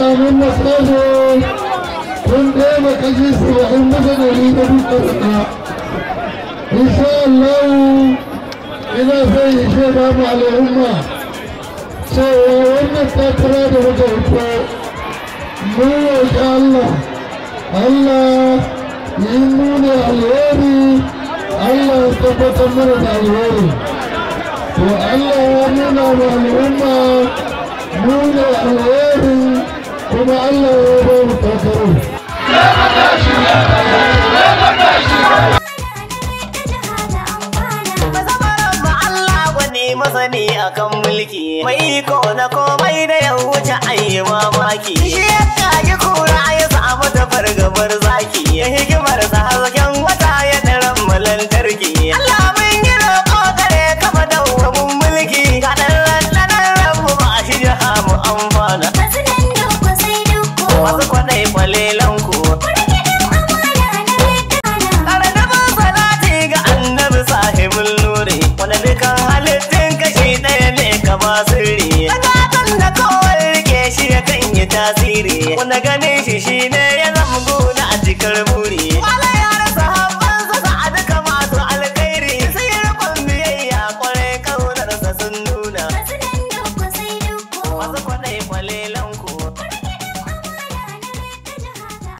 قانون مستانو كن ديما كجيس وحن مثلا وليد بالطريقة إن شاء الله إذا في شيء ما عليهم سوى ومن تتراد وجهكم مو إن شاء الله الله يمون الهوري الله يتبت من الله والله يمون الأمة kuma Allah ya ba mu takarar. masani akan mulki mai iko na komai da ya wuce ayi mamaki shi ya kaji kura ya samu da fargabar zaki ya hikimar sa hasken wata ya daren malantarki Allah mun yi roƙo tasiri wanda ganin shi shine ya zama gona a cikar buri wala ya rasa habban sa sa'ada kama su alkhairi sai rikon biyayya kwarai kaunar sa sun nuna wasu kwaɗai kwalelan ku